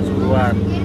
Pasuruan